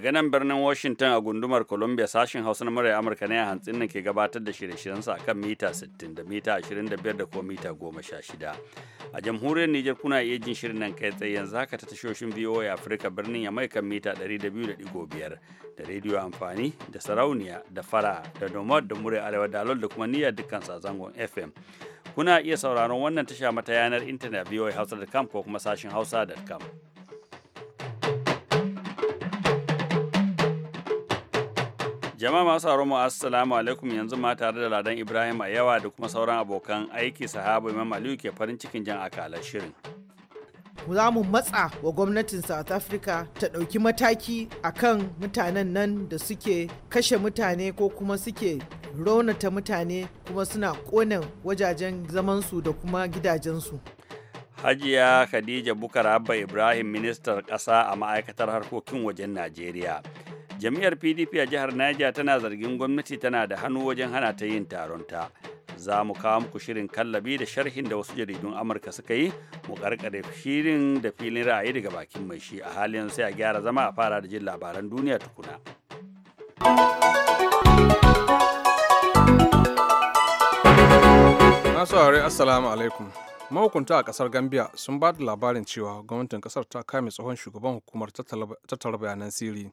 daga nan birnin washington a gundumar columbia sashen hausa na murar amurka ne a hantsin nan ke gabatar da shirye-shiryensa akan mita 60 da mita 25 da kuma mita 16 a jamhuriyar nijar kuna iya jin shirin nan kai tsaye yanzu haka ta tashoshin voa afirka birnin ya kan mita 200.5 da rediyo amfani da sarauniya da fara da nomad da murai arewa da da kuma niyyar dukkan sazangon fm kuna iya sauraron wannan tasha mata yanar intanet voa hausa.com ko kuma sashen hausa.com Jama'a masu mu assalamu alaikum yanzu ma tare da Ladan Ibrahim a yawa da kuma sauran abokan aiki sahaba Imam Aliyu ke farin cikin jan akalar shirin. Za mu matsa wa gwamnatin South Africa ta ɗauki mataki akan mutanen nan da suke kashe mutane ko kuma suke raunata mutane kuma suna ƙone wajajen zamansu da kuma gidajensu. Hajiya Khadija Bukar Abba Ibrahim ministar ƙasa a ma'aikatar harkokin wajen Najeriya. jam'iyyar pdp a jihar niger tana zargin gwamnati tana da hannu wajen hana ta yin taron ta za mu kawo muku shirin kallabi da sharhin da wasu jaridun amurka suka yi mu karkare shirin da filin ra'ayi daga bakin mai shi a halin sai a gyara zama a fara da jin labaran duniya tukuna masu aure assalamu alaikum mahukunta a kasar gambia sun ba da labarin cewa gwamnatin kasar ta kame tsohon shugaban hukumar tattara bayanan sirri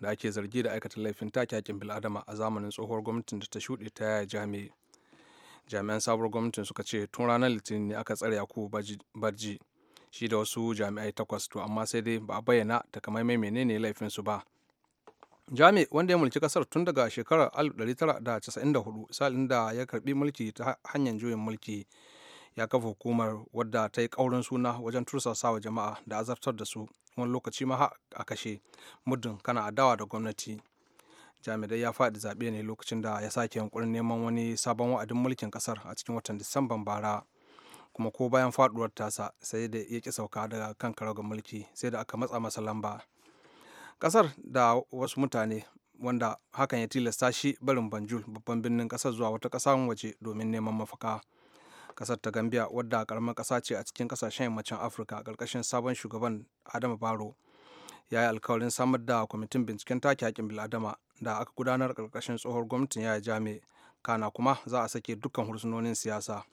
da ake zargi da aikata laifin take hakin bil'adama a zamanin tsohuwar gwamnatin da ta shuɗe ta yaya jami'i jami'an sabuwar gwamnatin suka ce tun ranar litinin ne aka tsare ko barji shi da wasu jami'ai takwas to amma sai dai ba a bayyana takamaiman menene laifin su ba jami wanda ya mulki kasar tun daga shekarar 1994 salin da ya karbi mulki ta hanyar juyin mulki ya kafa hukumar wadda ta yi kaurin suna wajen tursasa wa jama'a da azabtar da su wani lokaci ma a kashe muddin kana adawa da gwamnati jami'ai ya faɗi zaɓe ne lokacin da ya sake yankurin neman wani sabon wa'adin mulkin ƙasar a cikin watan disamban bara kuma ko bayan faɗuwar tasa sai da ya ƙi sauka daga kan karagar mulki sai da aka matsa masa lamba ƙasar da wasu mutane wanda hakan ya tilasta shi barin banjul babban birnin ƙasar zuwa wata ƙasar waje domin neman mafaka kasar ta gambia wadda karamar kasa ce a cikin kasashen yammacin afirka karkashin sabon shugaban adama baro ya yi alkawarin samar da kwamitin binciken take hakin biladama da aka gudanar karkashin tsohon gwamnatin yaya jami kana kuma za a sake dukkan hursunonin siyasa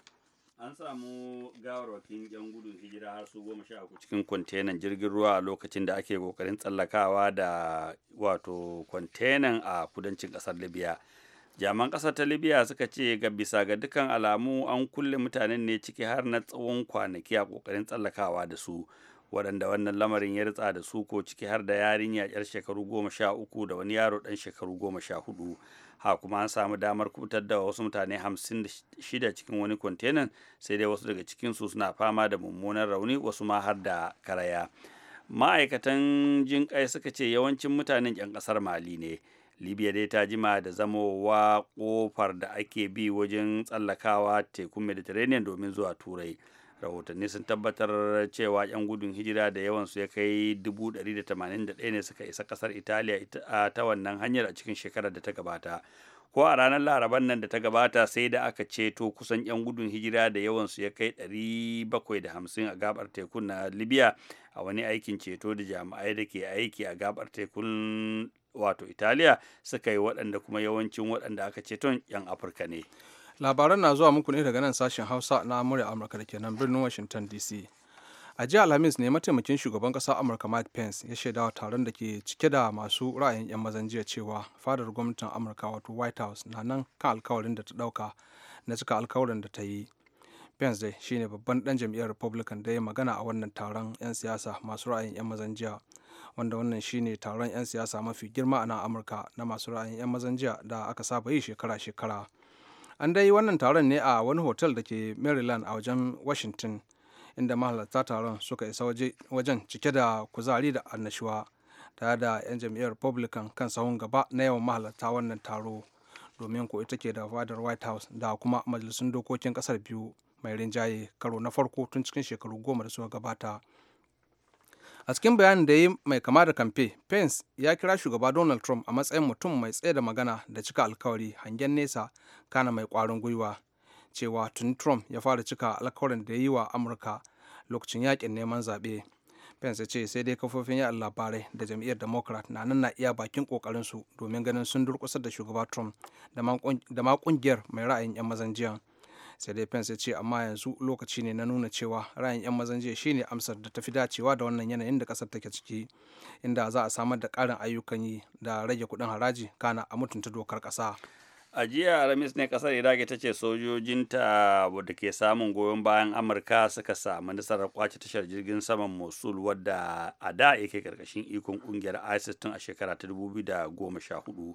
an samu gawarwakin yan gudun hijira har su goma sha uku cikin kwantenan jirgin ruwa a lokacin da ake kokarin tsallakawa da wato kwantenan a kudancin kasar libya jaman ƙasar ta libya suka ce ga bisa ga dukkan alamu an kulle mutanen ne ciki har na tsawon kwanaki a ƙoƙarin tsallakawa da su waɗanda wannan lamarin ya ritsa da su ko ciki har da yarinya yar shekaru goma sha uku da wani yaro ɗan shekaru goma sha hudu ha kuma an samu damar kubutar da wasu mutane hamsin da shida cikin wani kwantenan sai dai wasu daga cikinsu suna fama da mummunan rauni wasu ma har da karaya ma'aikatan jinƙai suka ce yawancin mutanen 'yan ƙasar mali ne libya dai ta jima da zamowa kofar da ake bi wajen tsallakawa tekun mediterranean domin zuwa turai rahotanni sun tabbatar cewa 'yan gudun hijira da yawansu ya kai 181 ne suka isa kasar italiya ta wannan hanyar a cikin shekarar da ta gabata ko a ranar laraban nan da ta gabata sai da aka ceto kusan 'yan gudun hijira da yawansu ya kai 750 a gabar tekun na libya a wani aikin ceto da jami'ai da ke aiki a gabar tekun wato italiya suka yi waɗanda kuma yawancin waɗanda aka ceton 'yan afirka ne labaran na zuwa muku ne daga nan sashen hausa na murya amurka da ke nan birnin washington dc a jiya alhamis ne mataimakin shugaban ƙasa amurka mike pence ya shaida wa taron da ke cike da masu ra'ayin 'yan mazan jiya cewa fadar gwamnatin amurka wato white house na nan kan alkawarin da ta ɗauka na cika alkawarin da ta yi pence dai shine babban ɗan jam'iyyar republican da ya magana a wannan taron 'yan siyasa masu ra'ayin 'yan mazan jiya wanda wannan shine taron 'yan siyasa mafi girma a nan amurka na masu ra'ayin 'yan mazan jiya da aka saba yi shekara-shekara an dai wannan taron ne a wani hotel da ke maryland a wajen washington inda mahalarta taron suka isa wajen cike da kuzari da annashuwa tare da 'yan jam'iyyar republican kan sahun gaba na yawan mahalarta wannan taro domin ko ita ke da fadar white house da kuma majalisun dokokin kasar biyu mai rinjaye karo na farko tun cikin shekaru goma da suka gabata a cikin bayanin da ya yi mai kama da kamfe pence ya kira shugaba donald trump a matsayin mutum mai tsaye da magana da cika alkawari hangen nesa kana mai kwarin gwiwa cewa tun trump ya fara cika alkawarin da ya yi wa amurka lokacin yakin neman zaɓe pence ya ce sai dai kafofin yaɗa labarai da jam'iyyar democrat na nan na iya bakin ƙoƙarinsu domin ganin sun durkusar da shugaba trump da ma kungiyar mai ra'ayin 'yan mazan jiyan sai dai pence ya ce amma yanzu lokaci ne na nuna cewa ra'ayin 'yan mazan jiya shine amsar da tafi dacewa da wannan yanayin da kasar take ciki inda za a samar da karin ayyukan yi da rage kuɗin haraji kana a mutunta dokar kasa. a jiya ramis ne kasar iraq ta ce sojojinta da ke samun goyon bayan amurka suka samu nasarar kwace tashar jirgin saman mosul wadda a da yake karkashin ikon kungiyar isis tun a shekara ta 2014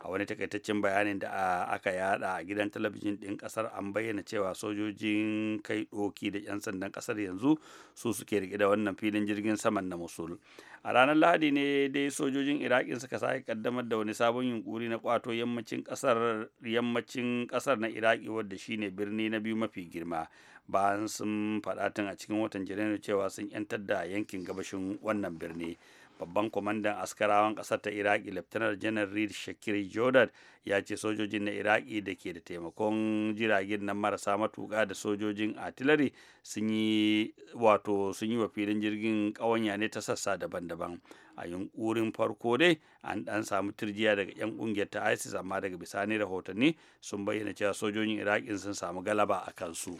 a wani takaitaccen bayanin da ah, aka yada a gidan talabijin din kasar an bayyana cewa sojojin kai doki da 'yan sandan kasar yanzu su suke rike da wannan filin jirgin saman na musul a ranar lahadi ne dai sojojin iraki suka sake kaddamar da wani sabon yunkuri na kwato yammacin kasar yammacin kasar na iraki wadda shine birni na biyu mafi girma bayan sun faɗa a cikin watan janairu cewa sun 'yantar da yankin gabashin wannan birni babban kwamandan askarawan kasar ta iraki laftanar janar reed shakir jordan ya ce sojojin na iraki da ke da taimakon jiragen na marasa matuƙa da sojojin artillery sun yi wato sun yi wa filin jirgin kawanya ne ta sassa daban-daban a yunkurin farko dai an ɗan samu turjiya daga 'yan kungiyar ta isis amma daga bisani rahotanni sun bayyana cewa sojojin iraki sun samu galaba a kansu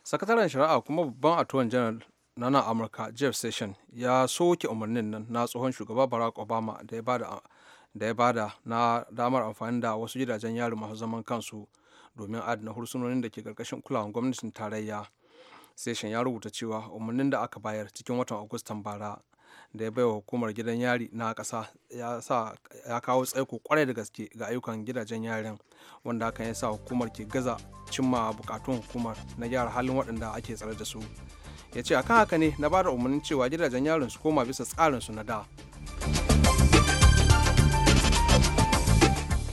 sakataren shari'a kuma babban atuwan janar na nan amurka jeff session ya soke umarnin nan na tsohon shugaba barack obama da ya bada na damar amfani da wasu gidajen yari masu zaman kansu domin adana hursunonin da ke karkashin kulawan gwamnatin tarayya session ya rubuta cewa umarnin da aka bayar cikin watan agustan bara da ya baiwa hukumar gidan yari na kasa ya ya kawo tsaiko kwarai da gaske ga ayyukan gidajen yarin wanda hakan ya sa hukumar ke gaza cimma bukatun hukumar na gyara halin waɗanda ake tsare da su ya ce akan haka ne na bada umarnin cewa gidajen yaron su koma bisa tsarin su na da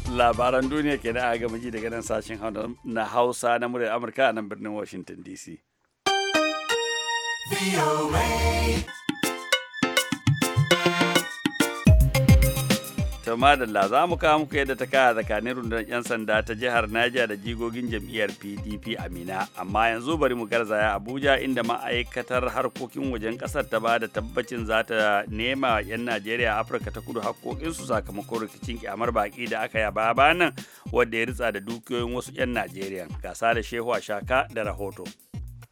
labaran duniya ke da gama ji daga nan sashen na hausa na muryar amurka a nan birnin washington dc To madalla za mu kawo muku yadda ta kaya tsakanin rundunar 'yan sanda ta jihar Niger da jigogin jam'iyyar PDP Amina. Amma yanzu bari mu garzaya Abuja inda ma'aikatar harkokin wajen kasar ta ba da tabbacin za ta nema 'yan Najeriya Afirka ta kudu haƙoƙinsu sakamakon rikicin kyamar baƙi da aka yaba ba nan wadda ya ritsa da dukiyoyin wasu 'yan Najeriya. Gasa da Shehu shaka da rahoto.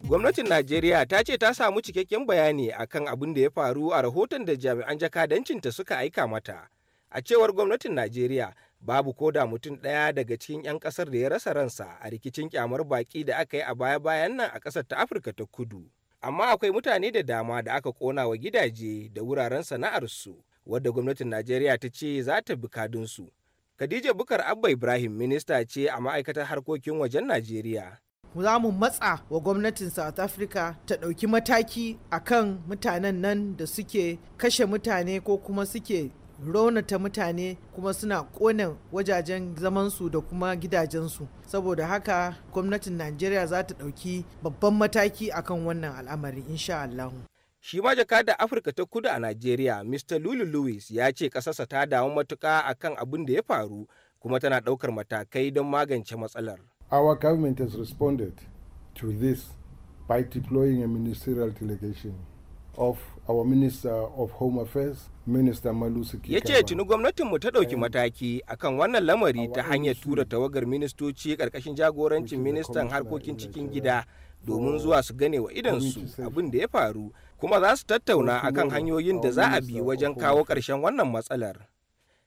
Gwamnatin Najeriya ta ce ta samu cikakken bayani akan abin da ya faru a rahoton da jami'an jakadancinta suka aika mata. A cewar gwamnatin Najeriya, babu ko da mutum ɗaya daga cikin 'yan ƙasar da ya rasa ransa a rikicin kyamar baƙi da aka yi a baya-bayan nan a ƙasar ta Afirka ta Kudu. Amma akwai mutane da dama da aka ƙona wa gidaje da wuraren sana'arsu, wadda gwamnatin Najeriya ta ce za ta bi kadinsu. Khadija Bukar Abba Ibrahim minista ce a ma'aikatar harkokin wajen Najeriya. za mu matsa wa gwamnatin south africa ta ɗauki mataki akan mutanen nan da suke kashe mutane ko kuma suke ta mutane kuma suna ƙone wajajen zamansu da kuma gidajensu saboda haka gwamnatin najeriya za ta ɗauki babban mataki akan wannan al'amari insha Allah. shi ma jakadar afirka ta kudu a najeriya mr lulu lewis ya ce ƙasarsa ta damu matuƙa akan abin da ya faru kuma tana ɗaukar matakai don magance matsalar our government has responded to this by deploying a ministerial delegation of our Minister of Home Affairs, Minister Malusi Ya ce tuni gwamnatinmu ta ɗauki mataki akan wannan lamari ta hanyar tura tawagar ministoci ƙarƙashin jagorancin ministan harkokin cikin gida domin zuwa su gane wa su abin da ya faru kuma za su tattauna akan hanyoyin da za a bi wajen kawo ƙarshen wannan matsalar.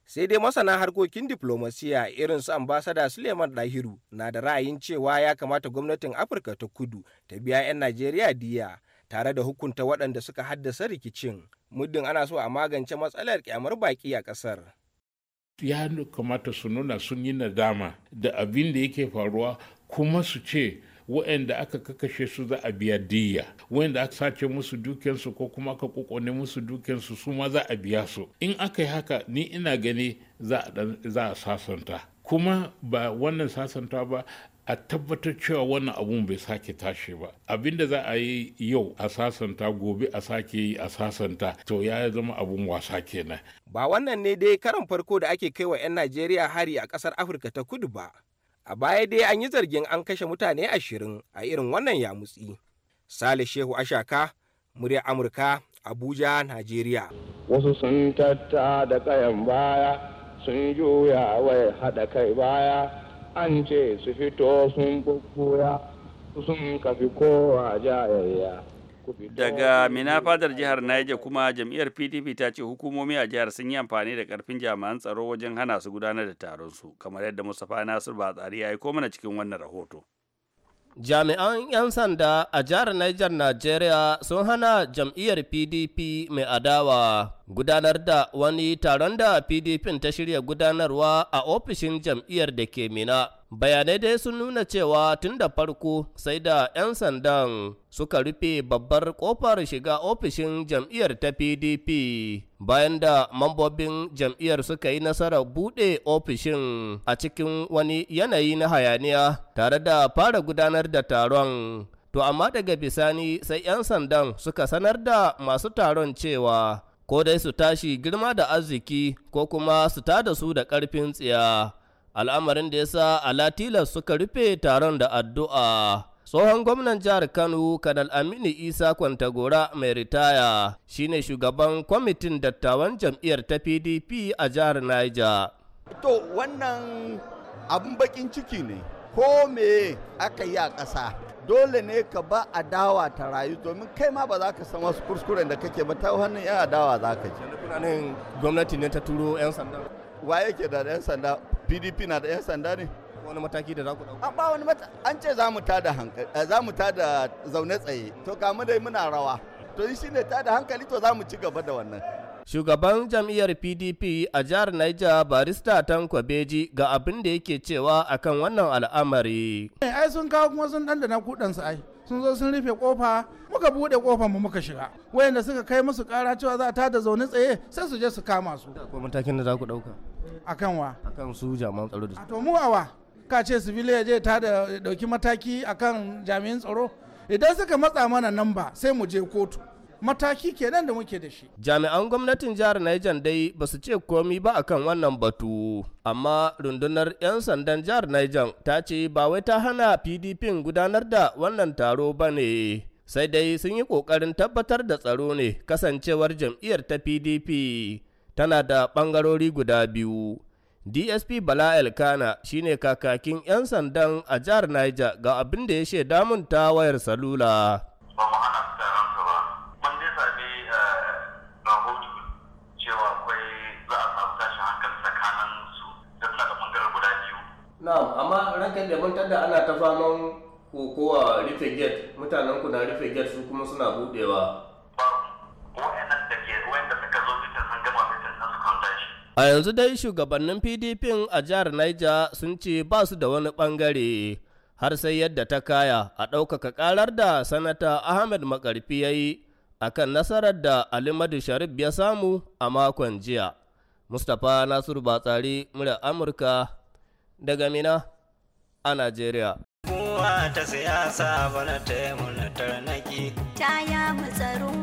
sai dai masana harkokin diplomasiya irin su ambasada suleiman dahiru na da ra'ayin cewa ya kamata gwamnatin afirka ta kudu ta biya 'yan najeriya diya tare da hukunta waɗanda suka haddasa rikicin muddin ana so a magance matsalar kyamar baƙi a ƙasar. ya kamata su nuna sun yi nadama da abin da yake faruwa kuma su ce waɗanda aka kakashe su za a biya diya waɗanda aka sace musu dukiyansu ko kuma aka kokone musu dukiyansu su ma za a biya su in aka yi haka ni ina gani za a sasanta kuma ba wannan sasanta ba a tabbatar cewa wannan abun bai sake tashi ba abin da za a yi yau a sasanta gobe a sake yi a sasanta to ya zama abun wasa kenan ba wannan ne dai karan farko da ake kai wa 'yan najeriya hari a kasar afirka ta kudu ba a baya dai an yi zargin an kashe mutane ashirin a irin wannan yamutsi sale shehu ashaka murya amurka abuja najeriya wasu sun tatta da kayan baya sun juya wai haɗa kai baya an ce su fito sun bubbuya sun kafi kowa jayayya daga mina fadar jihar Niger kuma jam'iyyar PDP ta ce hukumomi a jihar sun yi amfani da karfin jami'an tsaro wajen hana su gudanar da taron su kamar yadda Mustapha Nasir Batsari ya yi ko mana cikin wannan rahoto. Jami'an 'yan sanda a jihar Niger Najeriya sun hana jam'iyyar PDP mai adawa gudanar da wani taron da PDP ta shirya gudanarwa a ofishin jam'iyyar da ke Mina. bayanai dai sun nuna cewa tun da farko sai da 'yan sandan suka rufe babbar kofar shiga ofishin jam'iyyar ta pdp bayan da mambobin jam'iyyar suka yi nasarar buɗe ofishin a cikin wani yanayi na hayaniya tare da fara gudanar da taron to amma daga bisani sai 'yan sandan suka sanar da masu taron cewa ko dai su tashi girma da arziki ko kuma su tada su da ƙarfin tsiya al'amarin da ya sa alatila suka rufe taron da addu'a. Tsohon gwamnan jihar Kano, Kanal Aminu Isa Kwantagora mai ritaya shine shugaban kwamitin dattawan jam'iyyar ta PDP a jihar Niger. To wannan abin bakin ciki ne, ko me aka yi a ƙasa. Dole ne ka ba adawa ta rayu domin kai ma ba za ka san wasu kuskuren da kake ba ta hannun 'yan adawa za ka ji. gwamnati ne ta turo 'yan sanda. Wa yake da 'yan sanda pdp na da 'yan sanda ne wani mataki da za ku ɗauka ba wani mata an ce za mu da hankali eh, za mu da zaune tsaye to kamu dai muna rawa to shi ne ta da hankali to za mu ci gaba da wannan Shugaban jam'iyyar PDP a jihar Niger barista Tanko Beji ga abin da yake cewa akan wannan al'amari. Ai sun kawo kuma sun ɗanɗana kuɗansu ai. sun zo sun rufe kofa muka bude kofan mu muka shiga wayanda suka kai musu kara cewa za ta da zaune tsaye sai su je su kama su. Ko matakin da za ku dauka kan wa kan su jami'an tsaro da to mu wa ka ce ya je ta da dauki mataki akan jami'an tsaro idan suka matsa mana nan ba sai mu je kotu mataki kenan da muke da shi jami'an gwamnatin jihar Niger dai ba su ce komi ba akan wannan batu amma rundunar 'yan sandan jihar Niger ta ce ba wai ta hana PDP gudanar da wannan taro ba ne sai dai sun yi ƙoƙarin tabbatar da tsaro ne kasancewar jam'iyyar ta PDP tana da ɓangarori guda biyu. DSP Bala Elkana shine kakakin 'yan sandan a jihar Niger ga abin da ya shaida damun ta wayar salula. Ba mu hana su taron ba, mun dai sami eh, rahoto cewa akwai za a samu tashin hankali tsakanin su da suna da bangaren guda biyu. Na'am, amma ranka da mun tada ana ta faman kokowa rufe gate, mutanen ku na rufe gate su kuma suna budewa. Ba, wa'annan da ke wa'anda suka zo fitar sun gama A yanzu dai shugabannin PDP a jihar Niger sun ce ba su da wani ɓangare har sai yadda ta kaya a ɗaukaka karar da Sanata Ahmed Makarfi ya yi a kan nasarar da Alimadu Sharif ya samu a makon jiya. Mustapha Nasiru Batsari, murya Amurka daga Mina a Najeriya. Kowa ta siyasa bana ta tarnaki. Ta ya mu tsaron.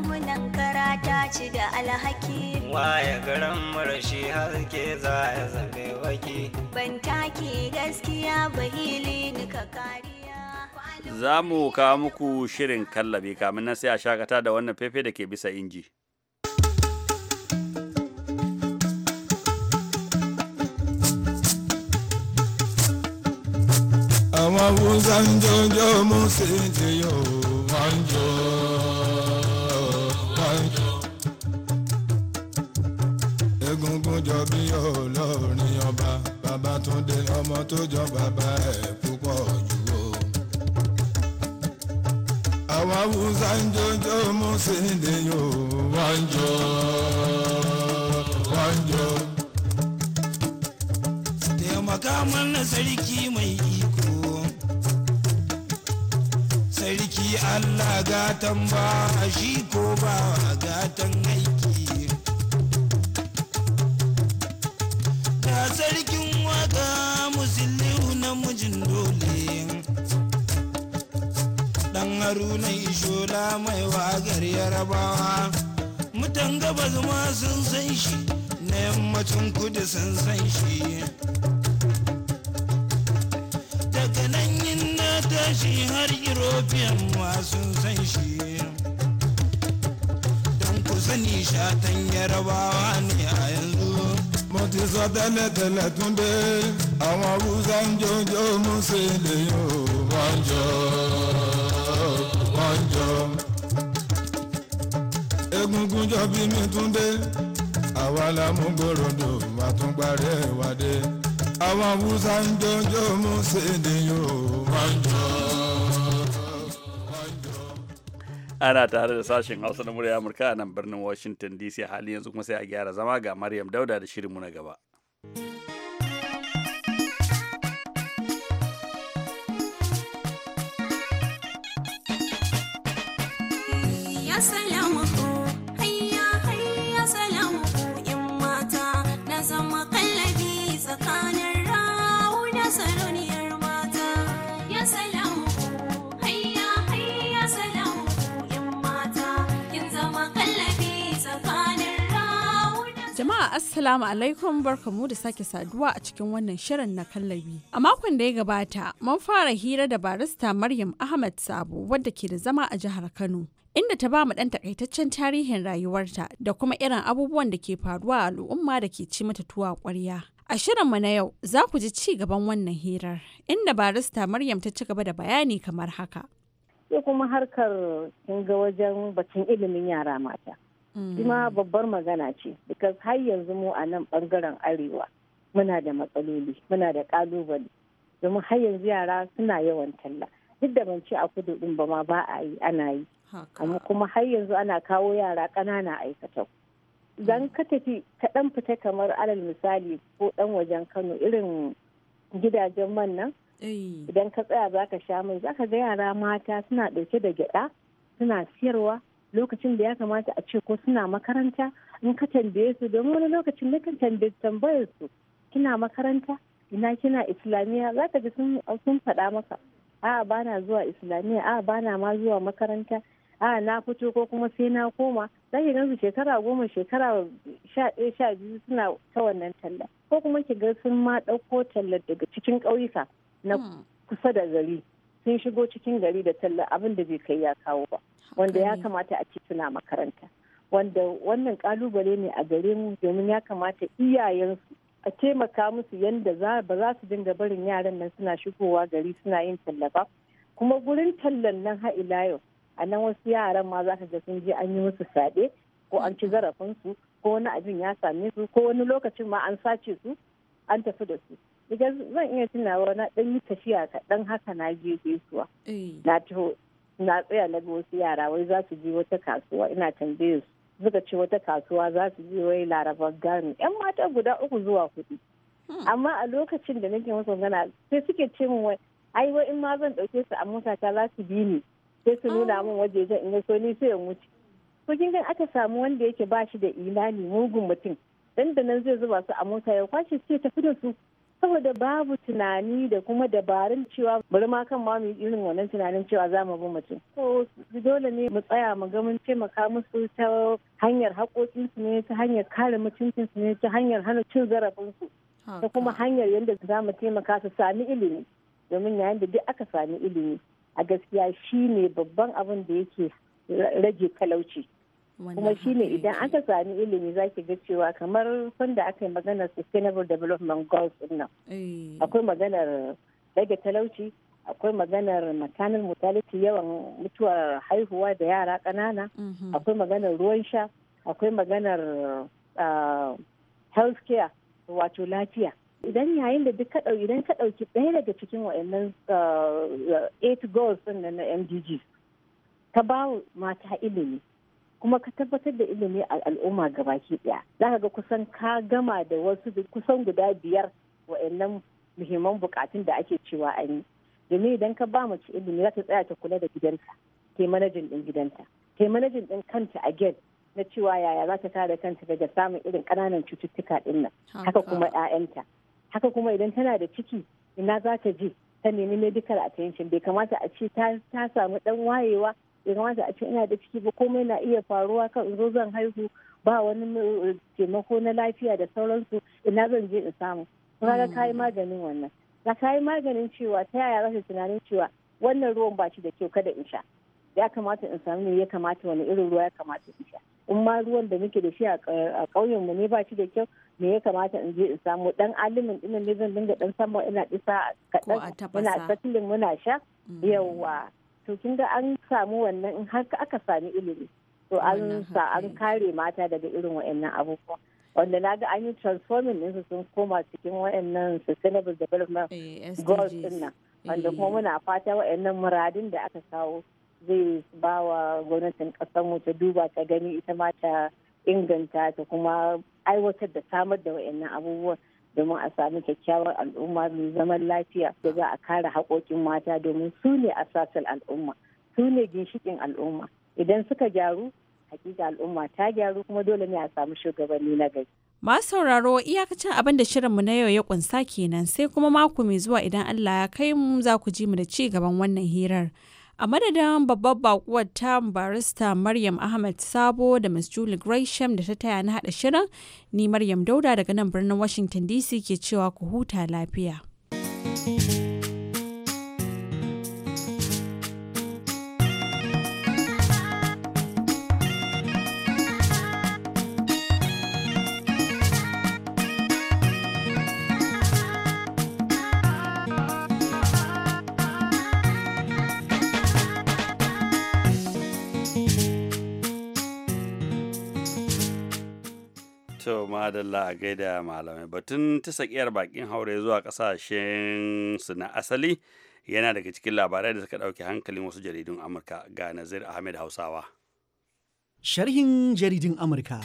ci da alhaki waye garin marashi haske za ya zabe waki ban take gaskiya ba hili ni ka kariya za mu kawo muku shirin kallabi kamin nan sai a shakata da wannan fefe da ke bisa inji àwọn zanjo jo jọjọ́ mú sí jọ bí olórin ọba Babátúndé ọmọ tó jọ bàbá ẹ̀ púpọ̀ jù o. àwa Haúsá ń jójó Músìndé yòó wọ́n ń jó wọ́n ń jó. taimaka mana sarki mai iko sarki Allah gatan ba shi ko ba gatan gai. sarkin waka musulliu na mujin dole dan haruna ishola mai wagar yarabawa mutan gabas ma sun san shi na yammacin kudu sun san shi daga nan yin na tashi har european ma sun san shi don ku sani shatan yarabawa ne a yanzu mo ti sọ tẹ́lẹ̀ tẹ́lẹ̀ túndé àwọn haúsá ń jójó múṣe lèyìn o wọ́n jọ wọ́n jọ. egungun jọ bí mi túndé àwa la mú gbòròdò má tún parẹ́ ìwádé àwọn haúsá ń jójó múṣe lèyìn o wọ́n jọ. ana tare da sashen hausa na murya amurka a nan birnin washington dc hali yanzu kuma sai a gyara zama ga maryam dauda da shirinmu na gaba. Jama'a Assalamu alaikum barkamu da sake saduwa a cikin wannan shirin na kallabi. A makon da ya gabata, mun fara hira da barista Maryam Ahmad Sabo wadda ke da zama a jihar Kano. Inda ta ba mu ɗan takaitaccen tarihin rayuwarta da kuma irin abubuwan da ke faruwa a al'umma da ke ci mata tuwa ƙwarya. A mu na yau za ku ji ci gaban wannan hirar, inda barista Maryam ta ci gaba da bayani kamar haka. Sai kuma harkar kin ga wajen bakin ilimin yara mata. kuma mm. babbar magana ce because har yanzu mu a nan bangaren arewa muna da matsaloli muna da kalubale domin har yanzu yara suna yawan talla duk da ban ce a kudu din ba ma ba a yi ana yi amma kuma har yanzu ana kawo yara ƙanana aikata zan mm. ka tafi ka dan fita kamar alal misali ko dan wajen kano irin gidajen man nan idan ka tsaya za ka sha mai za ka ga yara mata suna ɗauke da gyaɗa suna siyarwa lokacin da ya kamata a ce ko suna makaranta in ka tambaye su domin wani lokacin na kan tambaye tambayar su kina makaranta ina kina islamiyya za ka ga sun faɗa maka a'a bana zuwa islamiyya a'a bana ma zuwa makaranta a na fito ko kuma sai na koma za ki gansu shekara goma shekara sha sha biyu suna ta wannan talla ko kuma ki ga sun ma ɗauko tallar daga cikin ƙauyuka na hmm. kusa da gari sun shigo cikin gari da talla abin da bai kai ya kawo ba wanda ya kamata a ce suna makaranta wanda wannan kalubale ne a gare mu domin ya kamata iyayensu a taimaka musu yadda ba za su dinga barin yaran nan suna shigowa gari suna yin tallafa kuma gurin tallan nan ha'ila yau a nan wasu yaran ma za ka ga sun je an yi musu saɗe ko an ci zarafinsu ko wani abin ya same su ko wani lokacin ma an sace su an tafi da su idan zan iya tunawa na ɗan yi tafiya kaɗan haka na je gaisuwa eh. na taho na tsaya na ga wasu yara wai za su je wata kasuwa ina tambaye su suka ce wata kasuwa za su je wai larabar gani yan mata guda uku zuwa hudu hmm. amma a lokacin da nake musu gana sai suke ce min wai ai wai in ma zan dauke su a mota ta za su bi ni sai su nuna ah. min waje zan ya so ni sai in wuce ko kin aka samu wanda yake ba shi da imani mugun mutum dan da nan zai zuba su a mota ya kwashe sai tafi da su saboda babu tunani da kuma dabarun cewa bari ma kan ma mu irin wannan tunanin cewa za mu bi mutum ko dole ne mu tsaya mu ga mun taimaka musu ta hanyar haƙoƙinsu ne ta hanyar kare mutuncinsu ne ta hanyar hana cin zarafinsu ta kuma hanyar yadda za mu taimaka su sami ilimi domin yayin da duk aka sami ilimi a gaskiya shi ne babban abin da yake rage talauci. kuma shine idan aka sami ilimi za ki ga cewa kamar sanda aka yi maganar sustainable development goals nan eh. akwai maganar rage talauci akwai maganar maternal mortality yawan mutuwar haihuwa da yara kanana mhm. akwai maganar ruwan sha akwai maganar ah, health care wato lafiya idan yayin da duk idan ka ɗauki ɗaya daga cikin wa'annan ah, eight goals na mdg ka ba mata ilimi kuma ka tabbatar da ilimi a al'umma gabaki daya za ka ga kusan ka gama da wasu kusan guda biyar wa'annan muhimman bukatun da ake cewa an yi domin idan ka ba mace ilimi za ta tsaya ta kula da gidanta ke manajin din gidanta ke manajin din kanta a gen na cewa yaya za ta kare kanta daga samun irin ƙananan cututtuka din nan haka kuma 'ya'yanta haka kuma idan tana da ciki ina za ta je ta nemi medical attention bai kamata a ce ta samu dan wayewa ya kamata a ce ina da ciki ba komai na iya faruwa kan zo zan haihu ba wani uh, taimako na lafiya da sauransu ina zan je in samu kaga mm. kayi maganin wannan ka kayi maganin cewa ta yaya zaka tunanin cewa wannan ruwan ba shi da kyau kada in sha ya kamata in samu ne ya kamata wani irin ruwa ya kamata in sha in ma ruwan da muke da shi a ƙauyenmu mu ne ba shi da kyau me ya kamata in je in samu dan alimin din ne zan dinga dan samu ina isa kaɗan ina tsatilin muna sha mm. yawwa to kin ga an samu wannan in har aka sami ilimi to an sa an kare mata daga irin wa'annan abubuwa wanda na ga an yi transforming ɗinsu sun koma cikin wa'annan sustainable development eh, goals din nan wanda eh. kuma muna fata wa'annan muradin da aka kawo zai ba wa gwamnatin ƙasar mu ta duba ta gani ita ma ta inganta ta kuma aiwatar da samar da wa'annan abubuwan domin a sami kyakkyawar al'umma mai zaman lafiya da za a kare haƙoƙin mata domin su ne asasin al'umma su ne ginshiƙin al'umma idan suka gyaru hakika al'umma ta gyaru kuma dole ne a samu shugabanni na gari. Masu sauraro iyakacin abin da shirin mu na yau ya kunsa kenan sai kuma mako mai zuwa idan Allah ya kai mu za ku ji mu da ci gaban wannan hirar. A madadin babbar bakuwar ta barista Maryam Ahmed Sabo da Miss Julie Gresham da ta taya na hada shirin, ni Maryam Dauda daga nan birnin Washington DC ke cewa ku huta lafiya. To madalla a gaida malamai batun ta sakiyar bakin haure zuwa kasashen su na asali yana daga cikin labarai da suka ɗauki hankalin wasu jaridun Amurka ga Nazir Ahmed Hausawa. Sharhin jaridun Amurka.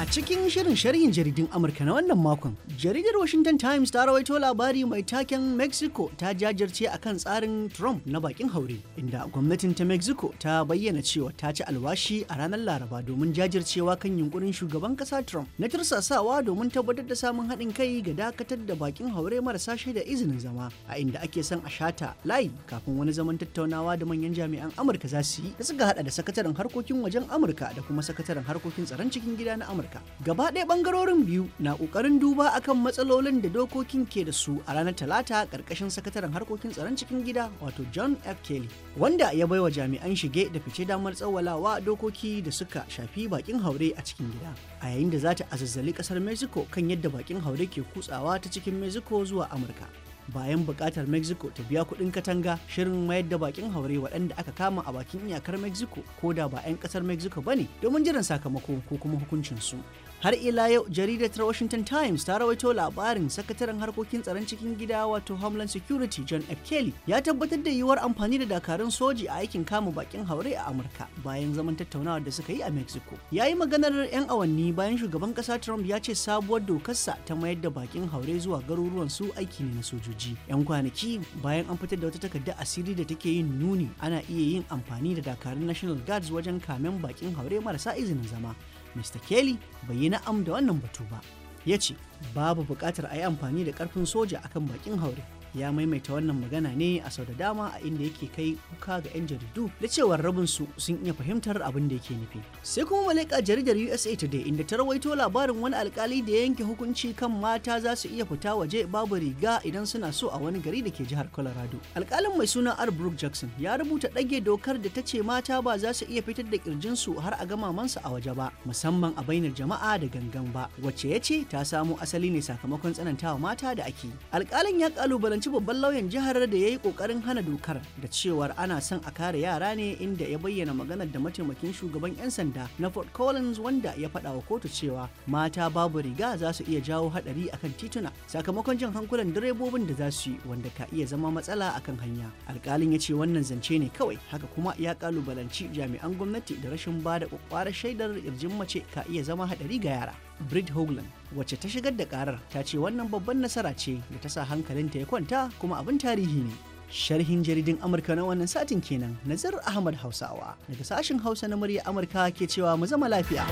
A cikin shirin sharhin jaridun Amurka na wannan makon, jaridar Washington Times ta rawaito labari mai taken Mexico ta jajirce a kan tsarin Trump na bakin haure, inda gwamnatin ta Mexico ta bayyana cewa ta ci alwashi a ranar Laraba domin jajircewa kan yunkurin shugaban kasa Trump na tursasawa domin tabbatar da samun haɗin kai ga dakatar da bakin haure marasa shaida izinin zama, a inda ake son a shata layi kafin wani zaman tattaunawa da manyan jami'an Amurka za su yi da suka haɗa da sakataren harkokin wajen Amurka da kuma sakataren harkokin tsaron cikin gida na Amurka. Afirka. Gaba ɗaya ɓangarorin biyu na ƙoƙarin duba akan matsalolin da dokokin ke da su a ranar Talata ƙarƙashin sakataren harkokin tsaron cikin gida wato John F. Kelly, wanda ya baiwa jami'an shige da fice damar tsawalawa dokoki da suka shafi bakin haure a cikin gida. A yayin da za ta azazzali ƙasar Mexico kan yadda bakin haure ke kutsawa ta cikin Mexico zuwa Amurka. bayan bukatar mexico ta biya kuɗin katanga shirin mayar da bakin haure waɗanda aka kama a bakin iyakar mexico ko da ba 'yan ƙasar mexico ba ne domin jiran sakamako ko kuma hukuncinsu har ila yau jaridar washington times ta rawaito labarin sakataren harkokin tsaron cikin gida wato homeland security john f kelly ya tabbatar da yiwuwar amfani da dakarun soji a aikin kama bakin haure a amurka bayan zaman tattaunawar da suka yi a mexico ya yi maganar 'yan awanni bayan shugaban kasa trump ya ce sabuwar dokarsa ta mayar da bakin haure zuwa garuruwan su aiki ne na sojoji 'yan kwanaki bayan an fitar da wata takarda asiri da take yin nuni ana iya yin amfani da dakarun national guards wajen kamen bakin haure marasa izinin zama Mr. Kelly bai yi na'am da wannan batu ba, ya ce babu buƙatar a yi amfani da ƙarfin soja akan bakin haure. ya maimaita wannan magana ne a sau da dama a inda yake kai kuka ga 'yan jaridu da cewar rabin su sun iya fahimtar abin da yake nufi sai kuma malika jaridar usa today inda ta rawaito labarin wani alkali da yanke hukunci kan mata za su iya fita waje babu riga idan suna so a wani gari da ke jihar colorado alkalin mai suna r jackson ya rubuta ɗage dokar da ta ce mata ba za su iya fitar da kirjinsu har a gamamansu a waje ba musamman a bainar jama'a da gangan ba wacce ya ce ta samo asali ne sakamakon tsanantawa mata da ake alkalin ya kalubalanci kalubalanci babban lauyan jihar da ya yi kokarin hana dokar da cewar ana son a kare yara ne inda ya bayyana maganar da mataimakin shugaban 'yan sanda na Fort Collins wanda ya faɗa wa kotu cewa mata babu riga za su iya jawo haɗari akan tituna sakamakon jin hankulan direbobin da za su yi wanda ka iya zama matsala akan hanya. Alƙalin ya ce wannan zance ne kawai haka kuma ya kalubalanci jami'an gwamnati da rashin ba da kwakwarar shaidar irjin mace ka iya zama haɗari ga yara. Brit Hoagland wacce ta shigar da karar ta ce wannan babban nasara ce da ta sa hankalinta ya kwanta mabambanta kuma abin tarihi ne. Sharhin jaridin Amurka na wannan satin kenan Nazar Ahmad Hausawa daga sashen Hausa na murya Amurka ke cewa mu zama lafiya.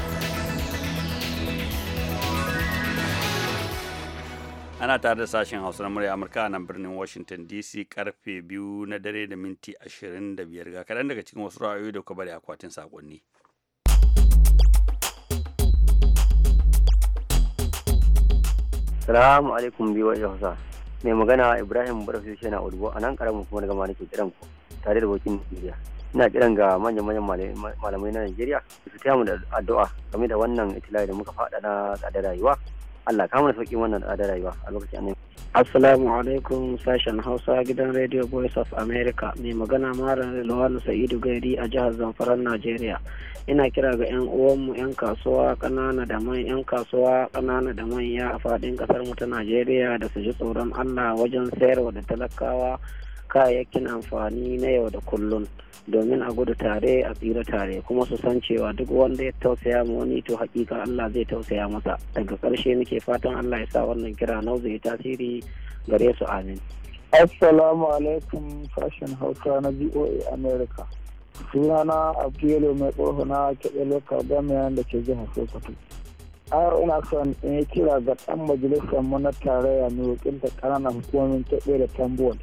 Ana tare da sashen Hausa na murya Amurka nan birnin Washington DC karfe biyu na dare da minti 25 ga kaɗan daga cikin wasu ra'ayoyi da kuma akwatin sakonni Salamu alaikum biyu wajen Hausa. mai magana ibrahim shi na urbo a nan karamin kuma daga nake kiran ku tare da bokin nigeria ina kiran ga manyan manyan malamai na nigeria su taya mu da addu'a game da wannan itilai da muka faɗa na tsadar rayuwa Allah ka mana sauƙin wannan da rayuwa a lokacin annabi Assalamu alaikum sashen Hausa gidan Radio Voice of America mai magana mara Lawal Sa'idu Gairi a jihar Zamfaran Najeriya. Ina kira ga 'yan uwanmu 'yan kasuwa ƙanana da man 'yan kasuwa ƙanana da manya a faɗin ƙasar mu ta Najeriya da su ji tsoron Allah wajen sayarwa da talakawa kayayyakin amfani na yau da kullun domin a gudu tare a tsira tare kuma su san cewa duk wanda ya tausaya ma wani to hakika Allah zai tausaya masa daga ƙarshe nake fatan Allah ya sa wannan kira nau zai tasiri gare su amin assalamu alaikum sashen hausa na boa america sunana abdiyalo mai tsohona na keɓe da ke jihar sokoto har ina son in yi kira ga ɗan majalisar mu na tarayya mai wakiltar ƙananan hukumomin ɗaya da tambuwan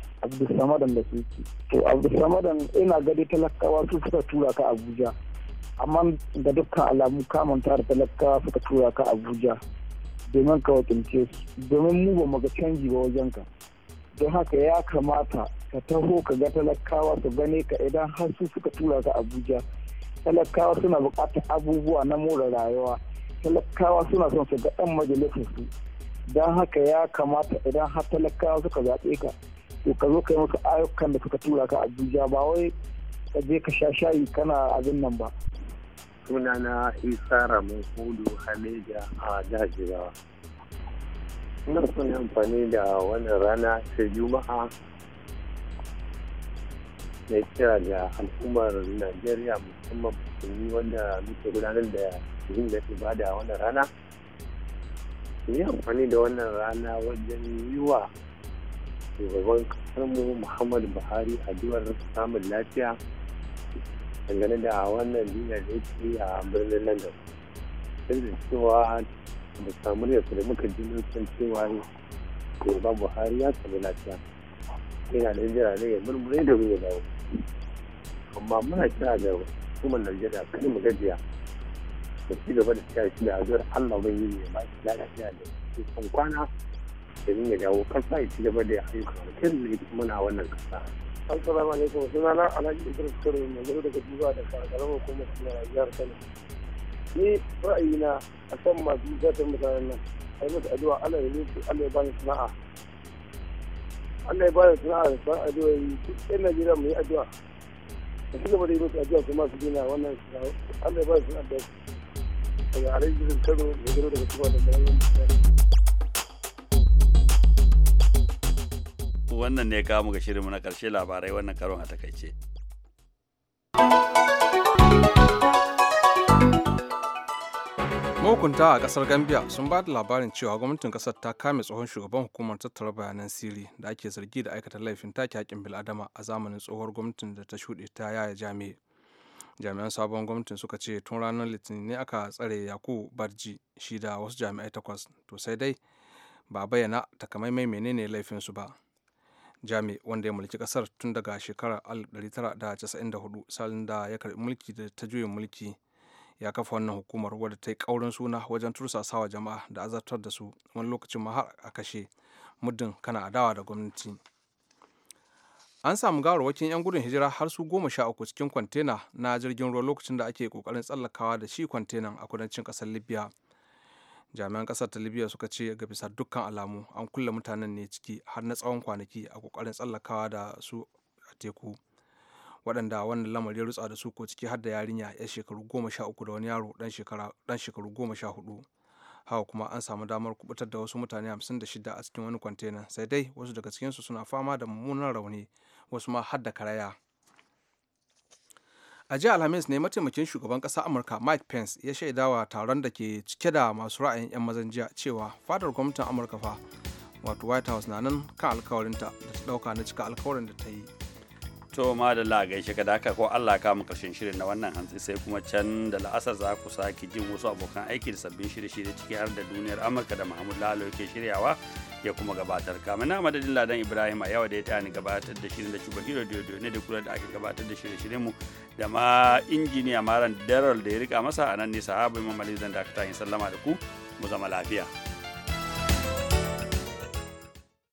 samadan da ke to samadan ina gadi talakawa su suka tura ka abuja amma da dukkan alamu kamun da talakawa suka tura ka abuja domin ka wakilce su domin mu ba mu ga canji ba wajen ka don haka ya kamata ka taho ka ga talakawa su gane ka idan har su suka tura ka abuja talakawa suna buƙatar abubuwa na more rayuwa talakawa suna son su ga ɗan majalisar su don haka ya kamata idan har talakawa suka zaɓe ka to ka zo ka yi musu ayyukan da suka tura ka abuja ba wai ka je ka sha shayi kana abin nan ba sunana isa ramin hudu hamida a jajira na son amfani da wannan rana ta juma'a na kira da al'ummar najeriya musamman musulmi wanda muke gudanar da musulun da ba da wannan rana yi amfani da wannan rana wajen yi wa shugaban kasarmu muhammadu buhari addu'ar samun lafiya dangane da wannan duniya da yake a birnin london sai da cewa da samu da muka ji lokacin cewa shugaban buhari ya samu lafiya yana da jira ne ya murmure da ruwa dawo amma muna kira da hukumar najeriya kan mu gajiya da ci gaba da tsaya shi da azuwar Allah bai yi ya ba shi lafiya da cikin kwana domin ya dawo kasa ya ci gaba da ayyukan alkhairi da yake muna wannan kasa. Assalamu alaikum suna na Alhaji Idris Kure mai gado daga Duba da Karakarar Hukumar Suna Jihar Kano. Ni ra'ayina a kan masu zafin mutanen nan a yi musu addu'a Allah ya nufi Allah ya bani sana'a. Allah ya bani sana'a da sana'a addu'a yi duk ɗan Najeriya mu yi addu'a. Da ci gaba da yi musu addu'a kuma su dina wannan Allah ya bani sana'a da wannan ne kawo ga shirinmu na karshe labarai wannan karon a takaice. mahukunta a kasar gambia sun ba da labarin cewa gwamnatin ƙasar ta kame tsohon shugaban hukumar tattara bayanan sirri da ake zargi da aikata laifin take haƙƙin biladama a zamanin tsohuwar gwamnatin da ta shuɗe ta yaya jami'i jami'an sabon gwamnatin suka ce tun ranar litinin ne aka tsare yakubu barji shi da wasu jami'ai takwas to sai dai ba bayyana takamaimai menene laifinsu ba jami wanda ya mulki kasar tun daga shekarar 1994 salin da ya karbi mulki da ta juyin mulki ya kafa wannan hukumar wadda ta yi kaurin suna wajen tursasawa jama'a da azartar da su wani lokacin ma har a kashe muddin kana adawa da gwamnati an samu gawarwakin 'yan gudun hijira har su goma sha uku cikin kwantena na jirgin ruwa lokacin da ake kokarin tsallakawa da shi kwantenan a kudancin kasar libya jami'an kasar ta libya suka ce ga bisa dukkan alamu an kulle mutanen ne ciki har na tsawon kwanaki a kokarin tsallakawa da su a teku waɗanda wannan lamari ya rutsa da su ko ciki har da yarinya ya shekaru goma sha uku da wani yaro ɗan shekaru goma sha hudu hawa kuma an samu damar kubutar da wasu mutane 56 a cikin wani kwantena sai dai wasu daga cikinsu suna fama da mummunan rauni wasu ma har da karaya a jiya alhamis ne mataimakin shugaban ƙasar amurka mike pence ya shaidawa taron da ke cike da masu ra'ayin 'yan mazan jiya cewa fadar gwamnatin amurka fa wato white house na nan kan alkawarinta da ta dauka na cika alkawarin da ta yi to madalla gaishe ka ko Allah ka karshen shirin na wannan hantsi sai kuma can da la'asar za ku sake jin wasu abokan aiki da sabbin shirye-shirye ciki har da duniyar Amurka da Mahmud Lalo yake shiryawa ya kuma gabatar ka na madadin ladan Ibrahim a yawa da ya taya ni gabatar da shirin da shuba Hiro Dodo ne da kula da ake gabatar da shirye-shiryen mu da ma injiniya Maran Daryl da ya rika masa a nan ne sahabu Imam Zan da aka sallama da ku mu zama lafiya.